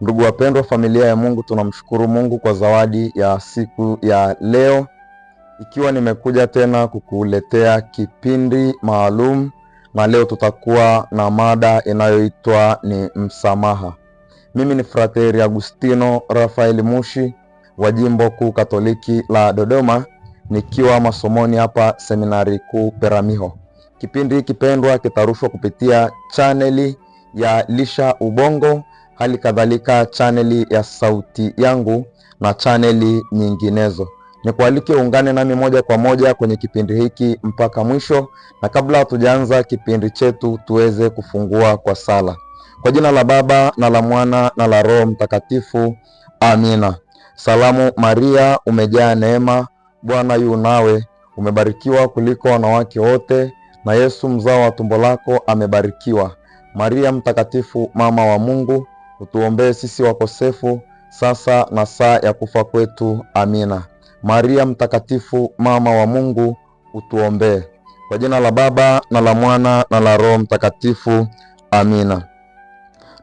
Ndugu wapendwa, familia ya Mungu, tunamshukuru Mungu kwa zawadi ya siku ya leo, ikiwa nimekuja tena kukuletea kipindi maalum, na leo tutakuwa na mada inayoitwa ni msamaha. Mimi ni Frateri Agustino Rafael Mushi wa Jimbo Kuu Katoliki la Dodoma, nikiwa masomoni hapa Seminari Kuu Peramiho. Kipindi hiki pendwa kitarushwa kupitia chaneli ya Lisha Ubongo hali kadhalika chaneli ya Sauti Yangu na chaneli nyinginezo. ni kualike uungane nami moja kwa moja kwenye kipindi hiki mpaka mwisho, na kabla hatujaanza kipindi chetu tuweze kufungua kwa sala. Kwa jina la Baba na la Mwana na la Roho Mtakatifu, amina. Salamu Maria, umejaa neema, Bwana yu nawe, umebarikiwa kuliko wanawake wote, na Yesu mzao wa tumbo lako amebarikiwa. Maria mtakatifu, mama wa Mungu utuombee sisi wakosefu sasa na saa ya kufa kwetu. Amina. Maria Mtakatifu, mama wa Mungu, utuombee. Kwa jina la Baba na la Mwana na la Roho Mtakatifu. Amina.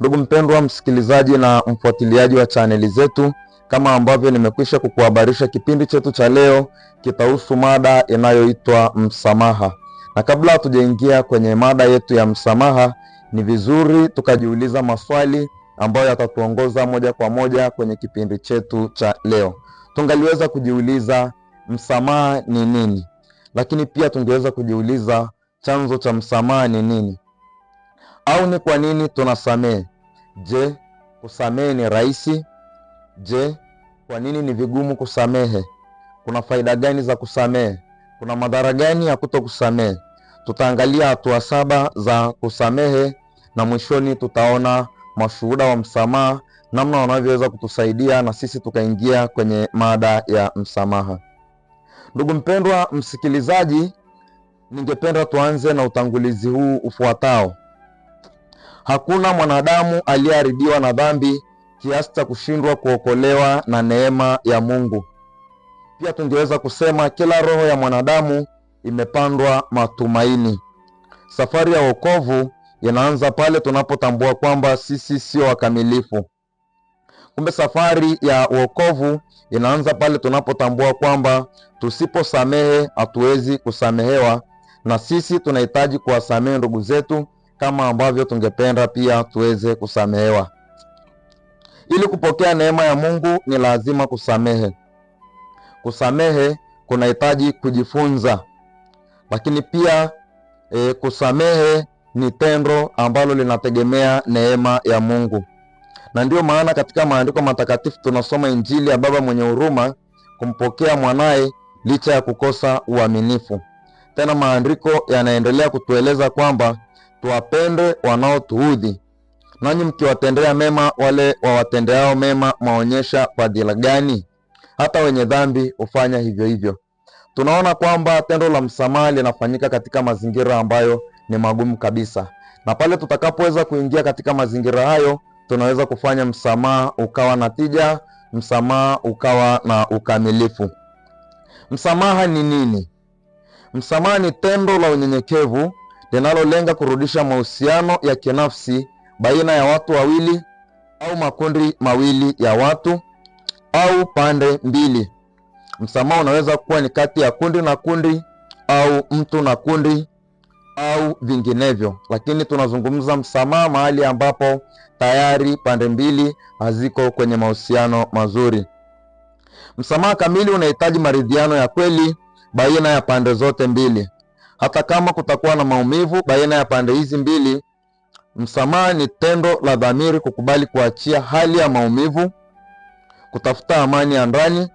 Ndugu mpendwa msikilizaji na mfuatiliaji wa chaneli zetu, kama ambavyo nimekwisha kukuhabarisha, kipindi chetu cha leo kitahusu mada inayoitwa msamaha, na kabla hatujaingia kwenye mada yetu ya msamaha, ni vizuri tukajiuliza maswali ambayo yatatuongoza moja kwa moja kwenye kipindi chetu cha leo. Tungaliweza kujiuliza msamaha ni nini, lakini pia tungeweza kujiuliza chanzo cha msamaha ni nini, au ni kwa nini tunasamehe? Je, kusamehe ni rahisi? Je, kwa nini ni vigumu kusamehe? Kuna faida gani za kusamehe? Kuna madhara gani ya kuto kusamehe? Tutaangalia hatua saba za kusamehe na mwishoni tutaona mashuhuda wa msamaha, namna wanavyoweza kutusaidia na sisi tukaingia kwenye mada ya msamaha. Ndugu mpendwa msikilizaji, ningependa tuanze na utangulizi huu ufuatao. Hakuna mwanadamu aliyeharibiwa na dhambi kiasi cha kushindwa kuokolewa na neema ya Mungu. Pia tungeweza kusema kila roho ya mwanadamu imepandwa matumaini. Safari ya wokovu Yanaanza pale tunapotambua kwamba sisi sio wakamilifu. Kumbe safari ya uokovu inaanza pale tunapotambua kwamba tusiposamehe hatuwezi kusamehewa, na sisi tunahitaji kuwasamehe ndugu zetu kama ambavyo tungependa pia tuweze kusamehewa. Ili kupokea neema ya Mungu ni lazima kusamehe. Kusamehe kunahitaji kujifunza, lakini pia e, kusamehe ni tendo ambalo linategemea neema ya Mungu, na ndiyo maana katika maandiko matakatifu tunasoma injili ya baba mwenye huruma kumpokea mwanaye licha ya kukosa uaminifu. Tena maandiko yanaendelea kutueleza kwamba tuwapende wanaotuudhi, nanyi mkiwatendea mema wale wawatendeao mema mwaonyesha fadhila gani? Hata wenye dhambi hufanya hivyo hivyo. Tunaona kwamba tendo la msamaha linafanyika katika mazingira ambayo ni magumu kabisa, na pale tutakapoweza kuingia katika mazingira hayo, tunaweza kufanya msamaha ukawa na tija, msamaha ukawa na ukamilifu. Msamaha ni nini? Msamaha ni tendo la unyenyekevu linalolenga kurudisha mahusiano ya kinafsi baina ya watu wawili au makundi mawili ya watu au pande mbili. Msamaha unaweza kuwa ni kati ya kundi na kundi au mtu na kundi au vinginevyo, lakini tunazungumza msamaha mahali ambapo tayari pande mbili haziko kwenye mahusiano mazuri. Msamaha kamili unahitaji maridhiano ya kweli baina ya pande zote mbili. Hata kama kutakuwa na maumivu baina ya pande hizi mbili, msamaha ni tendo la dhamiri kukubali kuachia hali ya maumivu, kutafuta amani ya ndani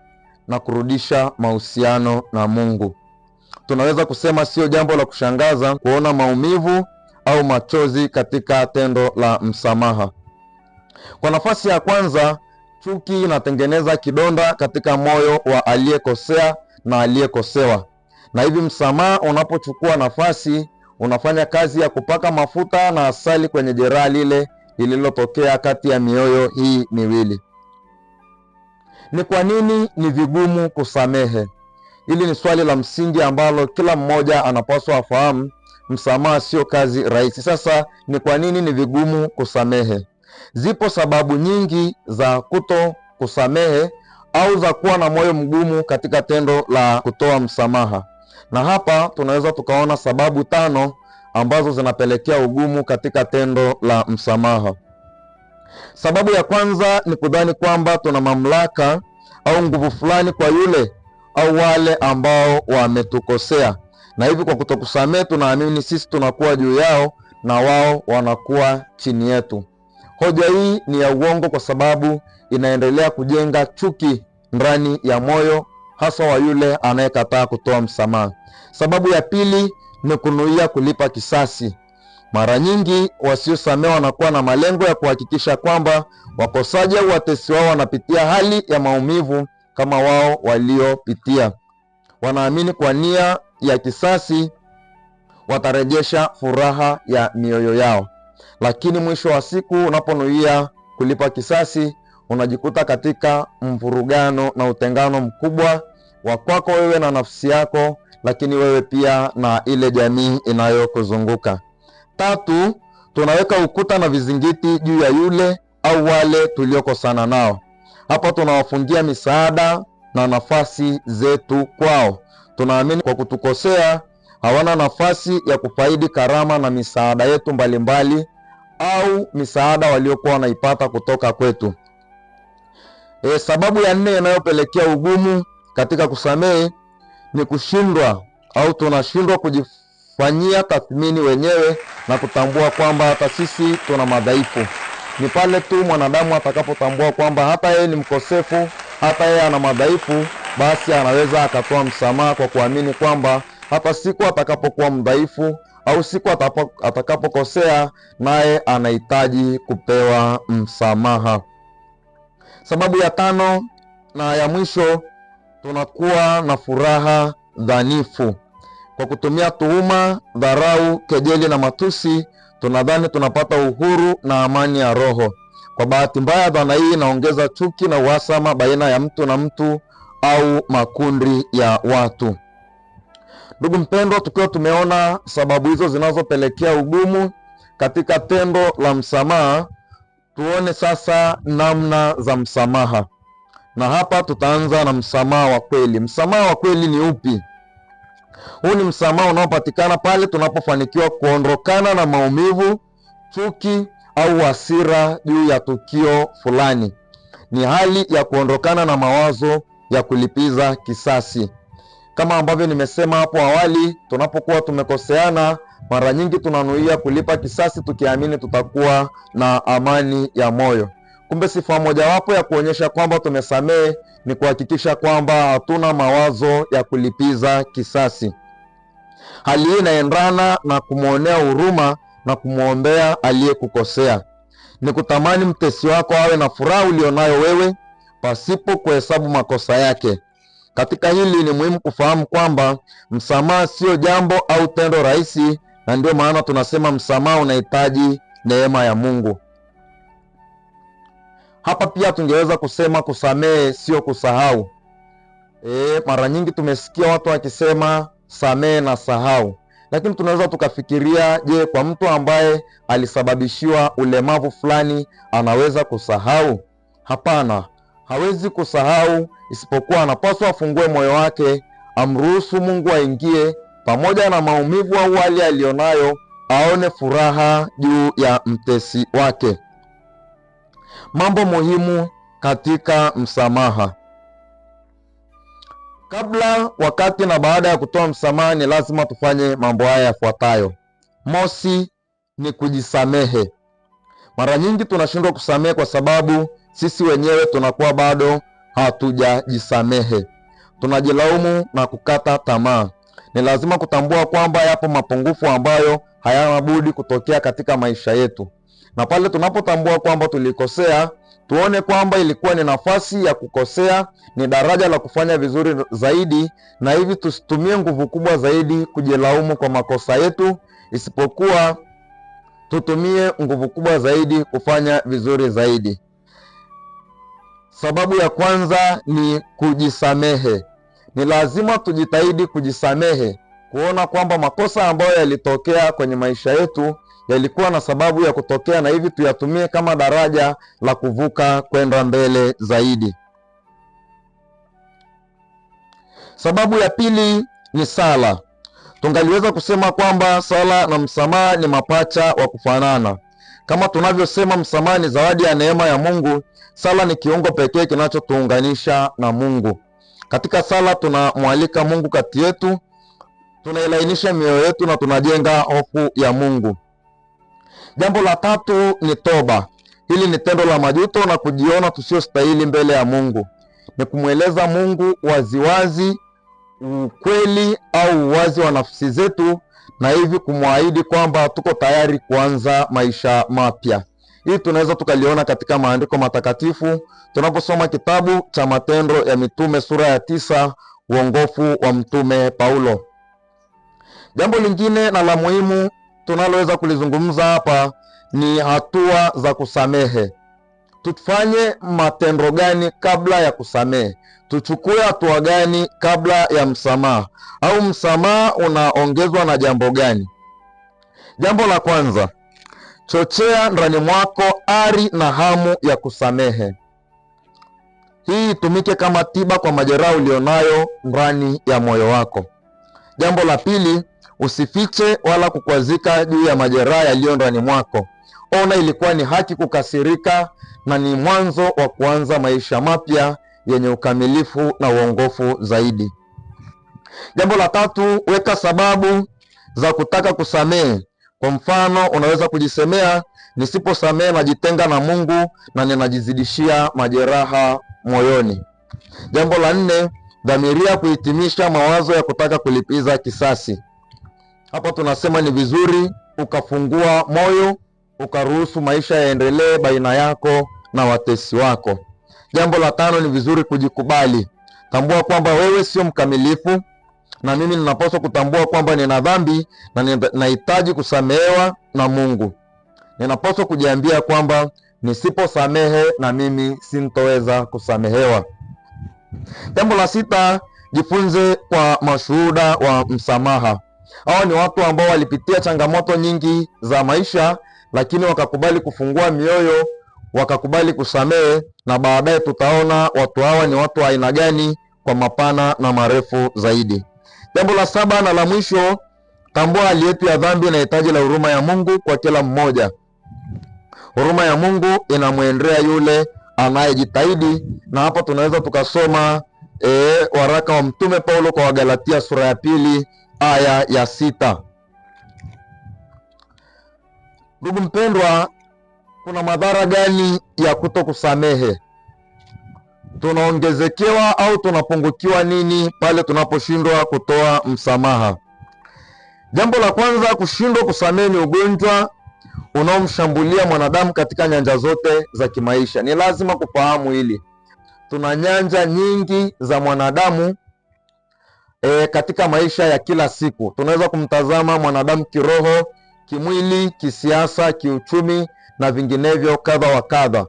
na kurudisha mahusiano na Mungu tunaweza kusema sio jambo la kushangaza kuona maumivu au machozi katika tendo la msamaha. Kwa nafasi ya kwanza, chuki inatengeneza kidonda katika moyo wa aliyekosea na aliyekosewa, na hivi msamaha unapochukua nafasi, unafanya kazi ya kupaka mafuta na asali kwenye jeraha lile lililotokea kati ya mioyo hii miwili. Ni kwa nini ni vigumu kusamehe? Hili ni swali la msingi ambalo kila mmoja anapaswa afahamu. Msamaha sio kazi rahisi. Sasa ni kwa nini ni vigumu kusamehe? Zipo sababu nyingi za kuto kusamehe au za kuwa na moyo mgumu katika tendo la kutoa msamaha, na hapa tunaweza tukaona sababu tano ambazo zinapelekea ugumu katika tendo la msamaha. Sababu ya kwanza ni kudhani kwamba tuna mamlaka au nguvu fulani kwa yule au wale ambao wametukosea, na hivi kwa kutokusamehe, tunaamini sisi tunakuwa juu yao na wao wanakuwa chini yetu. Hoja hii ni ya uongo kwa sababu inaendelea kujenga chuki ndani ya moyo hasa wa yule anayekataa kutoa msamaha. Sababu ya pili ni kunuia kulipa kisasi. Mara nyingi wasiosamehe wanakuwa na malengo ya kuhakikisha kwamba wakosaji au watesi wao wanapitia hali ya maumivu kama wao waliopitia. Wanaamini kwa nia ya kisasi watarejesha furaha ya mioyo yao, lakini mwisho wa siku unaponuia kulipa kisasi, unajikuta katika mvurugano na utengano mkubwa wa kwako wewe na nafsi yako, lakini wewe pia na ile jamii inayokuzunguka. Tatu, tunaweka ukuta na vizingiti juu ya yule au wale tuliokosana nao. Hapa tunawafungia misaada na nafasi zetu kwao. Tunaamini kwa kutukosea hawana nafasi ya kufaidi karama na misaada yetu mbalimbali mbali, au misaada waliokuwa wanaipata kutoka kwetu. E, sababu ya nne inayopelekea ugumu katika kusamehe ni kushindwa au tunashindwa kujifanyia tathmini wenyewe na kutambua kwamba hata sisi tuna madhaifu ni pale tu mwanadamu atakapotambua kwamba hata yeye ni mkosefu, hata yeye ana madhaifu, basi anaweza akatoa msamaha kwa kuamini kwamba hata siku atakapokuwa mdhaifu au siku atakapokosea, naye anahitaji kupewa msamaha. Sababu ya tano na ya mwisho, tunakuwa na furaha dhanifu kwa kutumia tuhuma, dharau, kejeli na matusi tunadhani tunapata uhuru na amani ya roho. Kwa bahati mbaya, dhana hii inaongeza chuki na uhasama baina ya mtu na mtu au makundi ya watu. Ndugu mpendwa, tukiwa tumeona sababu hizo zinazopelekea ugumu katika tendo la msamaha, tuone sasa namna za msamaha, na hapa tutaanza na msamaha wa kweli. Msamaha wa kweli ni upi? Huu ni msamaha unaopatikana pale tunapofanikiwa kuondokana na maumivu, chuki au hasira juu ya tukio fulani. Ni hali ya kuondokana na mawazo ya kulipiza kisasi. Kama ambavyo nimesema hapo awali, tunapokuwa tumekoseana, mara nyingi tunanuia kulipa kisasi tukiamini tutakuwa na amani ya moyo. Kumbe sifa mojawapo ya kuonyesha kwamba tumesamehe ni kuhakikisha kwamba hatuna mawazo ya kulipiza kisasi. Hali hii inaendana na kumwonea huruma na kumwombea aliyekukosea. Ni kutamani mtesi wako awe na furaha ulionayo wewe pasipo kuhesabu makosa yake. Katika hili ni muhimu kufahamu kwamba msamaha sio jambo au tendo rahisi, na ndio maana tunasema msamaha unahitaji neema ya Mungu. Hapa pia tungeweza kusema kusamehe sio kusahau. E, mara nyingi tumesikia watu wakisema samehe na sahau, lakini tunaweza tukafikiria, je, kwa mtu ambaye alisababishiwa ulemavu fulani anaweza kusahau? Hapana, hawezi kusahau, isipokuwa anapaswa afungue moyo wake, amruhusu Mungu aingie, pamoja na maumivu au hali aliyonayo, aone furaha juu ya mtesi wake. Mambo muhimu katika msamaha: kabla, wakati na baada ya kutoa msamaha, ni lazima tufanye mambo haya yafuatayo. Mosi ni kujisamehe. Mara nyingi tunashindwa kusamehe kwa sababu sisi wenyewe tunakuwa bado hatujajisamehe, tunajilaumu na kukata tamaa. Ni lazima kutambua kwamba yapo mapungufu ambayo hayana budi kutokea katika maisha yetu na pale tunapotambua kwamba tulikosea, tuone kwamba ilikuwa ni nafasi ya kukosea, ni daraja la kufanya vizuri zaidi, na hivi tusitumie nguvu kubwa zaidi kujilaumu kwa makosa yetu, isipokuwa tutumie nguvu kubwa zaidi kufanya vizuri zaidi. Sababu ya kwanza ni kujisamehe. Ni lazima tujitahidi kujisamehe, kuona kwamba makosa ambayo yalitokea kwenye maisha yetu yalikuwa na sababu ya kutokea, na hivi tuyatumie kama daraja la kuvuka kwenda mbele zaidi. Sababu ya pili ni sala. Tungaliweza kusema kwamba sala na msamaha ni mapacha wa kufanana. Kama tunavyosema, msamaha ni zawadi ya neema ya Mungu. Sala ni kiungo pekee kinachotuunganisha na Mungu. Katika sala tunamwalika Mungu kati yetu, tunailainisha mioyo yetu na tunajenga hofu ya Mungu. Jambo la tatu ni toba. Hili ni tendo la majuto na kujiona tusiostahili mbele ya Mungu. Ni kumweleza Mungu waziwazi ukweli au uwazi wa nafsi zetu na hivi kumwahidi kwamba tuko tayari kuanza maisha mapya. Hii tunaweza tukaliona katika maandiko matakatifu tunaposoma kitabu cha Matendo ya Mitume sura ya tisa, uongofu wa Mtume Paulo. Jambo lingine na la muhimu tunaloweza kulizungumza hapa ni hatua za kusamehe. Tufanye matendo gani kabla ya kusamehe? Tuchukue hatua gani kabla ya msamaha, au msamaha unaongezwa na jambo gani? Jambo la kwanza, chochea ndani mwako ari na hamu ya kusamehe. Hii itumike kama tiba kwa majeraha ulionayo ndani ya moyo wako. Jambo la pili usifiche wala kukwazika juu ya majeraha yaliyo ndani mwako. Ona ilikuwa ni haki kukasirika, na ni mwanzo wa kuanza maisha mapya yenye ukamilifu na uongofu zaidi. Jambo la tatu, weka sababu za kutaka kusamehe. Kwa mfano, unaweza kujisemea, nisiposamehe najitenga na Mungu na ninajizidishia majeraha moyoni. Jambo la nne, dhamiria kuhitimisha mawazo ya kutaka kulipiza kisasi. Hapa tunasema ni vizuri ukafungua moyo ukaruhusu maisha yaendelee baina yako na watesi wako. Jambo la tano ni vizuri kujikubali. Tambua kwamba wewe sio mkamilifu, na mimi ninapaswa kutambua kwamba nina dhambi na nahitaji kusamehewa na Mungu. Ninapaswa kujiambia kwamba nisiposamehe na mimi sintoweza kusamehewa. Jambo la sita, jifunze kwa mashuhuda wa msamaha. Hawa ni watu ambao walipitia changamoto nyingi za maisha, lakini wakakubali kufungua mioyo, wakakubali kusamehe, na baadaye tutaona watu hawa ni watu wa aina gani kwa mapana na marefu zaidi. Jambo la saba na la mwisho, tambua hali yetu ya dhambi na hitaji la huruma ya Mungu kwa kila mmoja. Huruma ya Mungu inamwendea yule anayejitahidi, na hapa tunaweza tukasoma e, waraka wa Mtume Paulo kwa Wagalatia sura ya pili aya ya sita. Ndugu mpendwa, kuna madhara gani ya kutokusamehe? Tunaongezekewa au tunapungukiwa nini pale tunaposhindwa kutoa msamaha? Jambo la kwanza, kushindwa kusamehe ni ugonjwa unaomshambulia mwanadamu katika nyanja zote za kimaisha. Ni lazima kufahamu hili. Tuna nyanja nyingi za mwanadamu e, katika maisha ya kila siku. Tunaweza kumtazama mwanadamu kiroho, kimwili, kisiasa, kiuchumi na vinginevyo kadha wa kadha.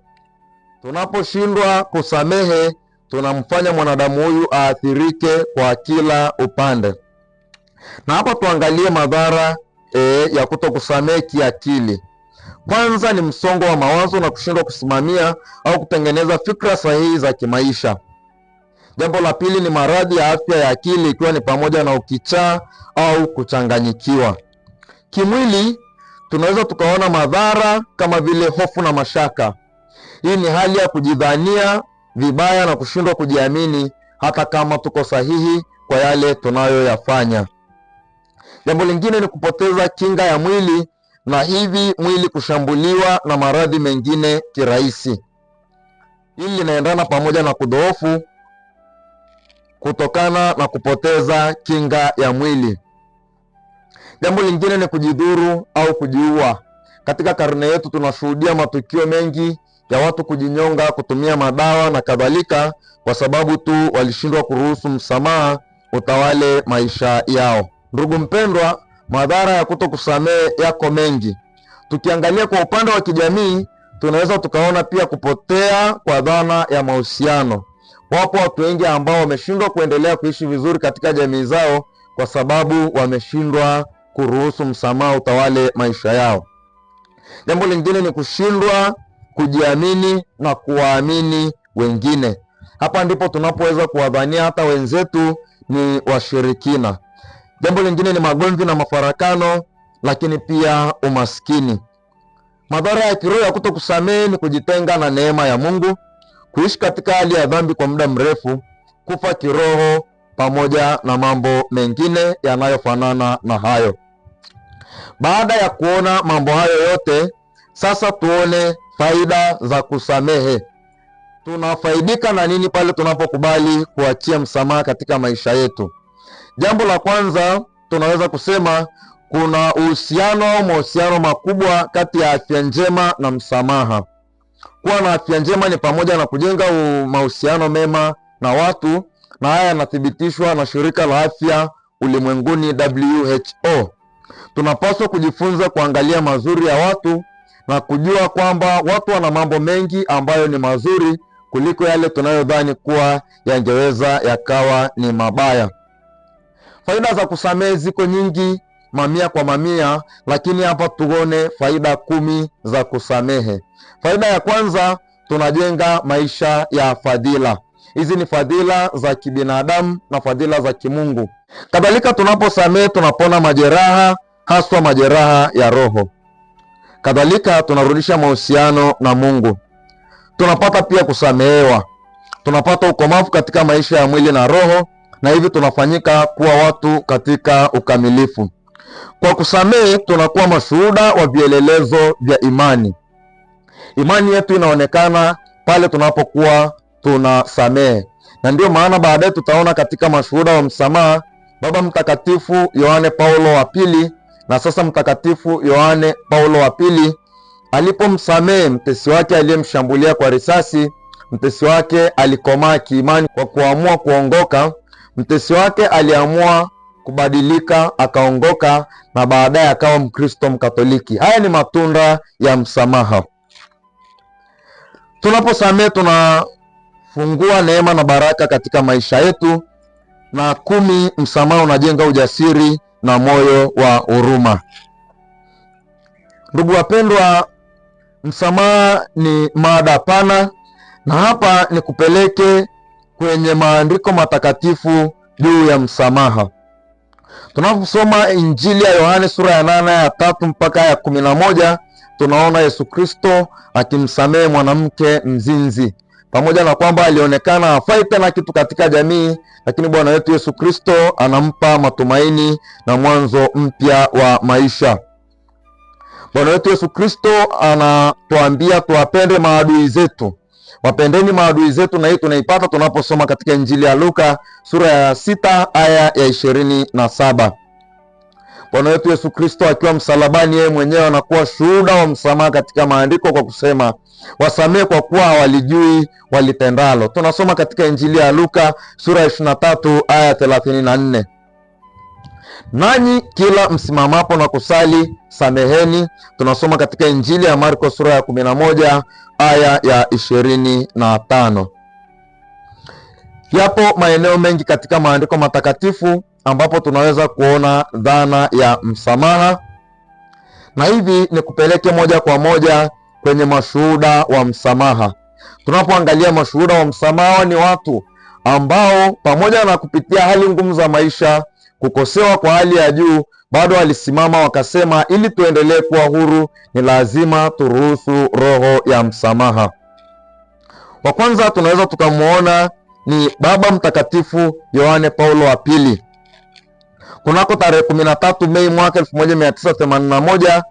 Tunaposhindwa kusamehe, tunamfanya mwanadamu huyu aathirike kwa kila upande. Na hapa tuangalie madhara e, ya kutokusamehe kiakili. Kwanza ni msongo wa mawazo na kushindwa kusimamia au kutengeneza fikra sahihi za kimaisha. Jambo la pili ni maradhi ya afya ya akili, ikiwa ni pamoja na ukichaa au kuchanganyikiwa. Kimwili tunaweza tukaona madhara kama vile hofu na mashaka. Hii ni hali ya kujidhania vibaya na kushindwa kujiamini hata kama tuko sahihi kwa yale tunayoyafanya. Jambo lingine ni kupoteza kinga ya mwili na hivi mwili kushambuliwa na maradhi mengine kirahisi. Hili linaendana pamoja na kudhoofu kutokana na kupoteza kinga ya mwili. Jambo lingine ni kujidhuru au kujiua. Katika karne yetu tunashuhudia matukio mengi ya watu kujinyonga, kutumia madawa na kadhalika, kwa sababu tu walishindwa kuruhusu msamaha utawale maisha yao. Ndugu mpendwa, madhara ya kuto kusamehe yako mengi. Tukiangalia kwa upande wa kijamii, tunaweza tukaona pia kupotea kwa dhana ya mahusiano. Wapo watu wengi ambao wameshindwa kuendelea kuishi vizuri katika jamii zao kwa sababu wameshindwa kuruhusu msamaha utawale maisha yao. Jambo lingine ni kushindwa kujiamini na kuwaamini wengine. Hapa ndipo tunapoweza kuwadhania hata wenzetu ni washirikina. Jambo lingine ni magomvi na mafarakano, lakini pia umaskini. Madhara ya kiroho ya kuto ni kujitenga na neema ya Mungu kuishi katika hali ya dhambi kwa muda mrefu, kufa kiroho, pamoja na mambo mengine yanayofanana na hayo. Baada ya kuona mambo hayo yote, sasa tuone faida za kusamehe. Tunafaidika na nini pale tunapokubali kuachia msamaha katika maisha yetu? Jambo la kwanza, tunaweza kusema kuna uhusiano au mahusiano makubwa kati ya afya njema na msamaha. Kuwa na afya njema ni pamoja na kujenga mahusiano mema na watu, na haya yanathibitishwa na shirika la afya ulimwenguni WHO. Tunapaswa kujifunza kuangalia mazuri ya watu na kujua kwamba watu wana mambo mengi ambayo ni mazuri kuliko yale tunayodhani kuwa yangeweza yakawa ni mabaya. Faida za kusamehe ziko nyingi mamia kwa mamia, lakini hapa tuone faida kumi za kusamehe. Faida ya kwanza, tunajenga maisha ya fadhila. Hizi ni fadhila za kibinadamu na fadhila za kimungu. Kadhalika, tunaposamehe tunapona majeraha, haswa majeraha ya roho. Kadhalika, tunarudisha mahusiano na Mungu. Tunapata pia kusamehewa, tunapata ukomavu katika maisha ya mwili na roho, na hivi tunafanyika kuwa watu katika ukamilifu. Kwa kusamehe tunakuwa mashuhuda wa vielelezo vya imani. Imani yetu inaonekana pale tunapokuwa tunasamehe, na ndiyo maana baadaye tutaona katika mashuhuda wa msamaha Baba Mtakatifu Yohane Paulo wa Pili na sasa Mtakatifu Yohane Paulo wa Pili alipomsamehe mtesi wake aliyemshambulia kwa risasi, mtesi wake alikomaa kiimani kwa kuamua kuongoka. Mtesi wake aliamua kubadilika, akaongoka na baadaye akawa Mkristo Mkatoliki. Haya ni matunda ya msamaha. Tunaposamehe tunafungua neema na baraka katika maisha yetu. Na kumi, msamaha unajenga ujasiri na moyo wa huruma. Ndugu wapendwa, msamaha ni mada pana, na hapa ni kupeleke kwenye maandiko matakatifu juu ya msamaha. Tunaposoma Injili ya Yohane sura ya nane ya tatu mpaka ya kumi na moja tunaona Yesu Kristo akimsamehe mwanamke mzinzi, pamoja na kwamba alionekana hafai tena kitu katika jamii, lakini Bwana wetu Yesu Kristo anampa matumaini na mwanzo mpya wa maisha. Bwana wetu Yesu Kristo anatuambia tuwapende maadui zetu, Wapendeni maadui zetu, na hii tunaipata tunaposoma katika Injili ya Luka sura ya sita aya ya ishirini na saba. Bwana wetu Yesu Kristo akiwa msalabani, yeye mwenyewe anakuwa shuhuda wa msamaha katika maandiko kwa kusema, wasamehe kwa kuwa hawalijui walitendalo. Tunasoma katika Injili ya Luka sura ya 23 aya 34. Nanyi kila msimamapo na kusali sameheni. Tunasoma katika Injili ya Marko sura ya 11 aya ya 25. Yapo maeneo mengi katika maandiko matakatifu ambapo tunaweza kuona dhana ya msamaha, na hivi ni kupeleke moja kwa moja kwenye mashuhuda wa msamaha. Tunapoangalia mashuhuda wa msamaha, ni watu ambao pamoja na kupitia hali ngumu za maisha kukosewa kwa hali ya juu, bado walisimama wakasema, ili tuendelee kuwa huru ni lazima turuhusu roho ya msamaha. Wa kwanza tunaweza tukamwona ni Baba Mtakatifu Yohane Paulo wa Pili. Kunako tarehe 13 Mei mwaka 1981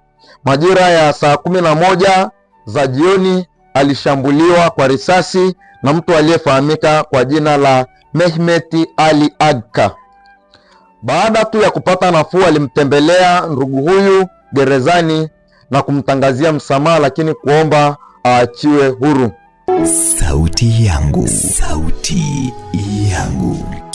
majira ya saa 11 za jioni alishambuliwa kwa risasi na mtu aliyefahamika kwa jina la mehmeti Ali Agka. Baada tu ya kupata nafuu, alimtembelea ndugu huyu gerezani na kumtangazia msamaha, lakini kuomba aachiwe huru. Sauti yangu, sauti yangu.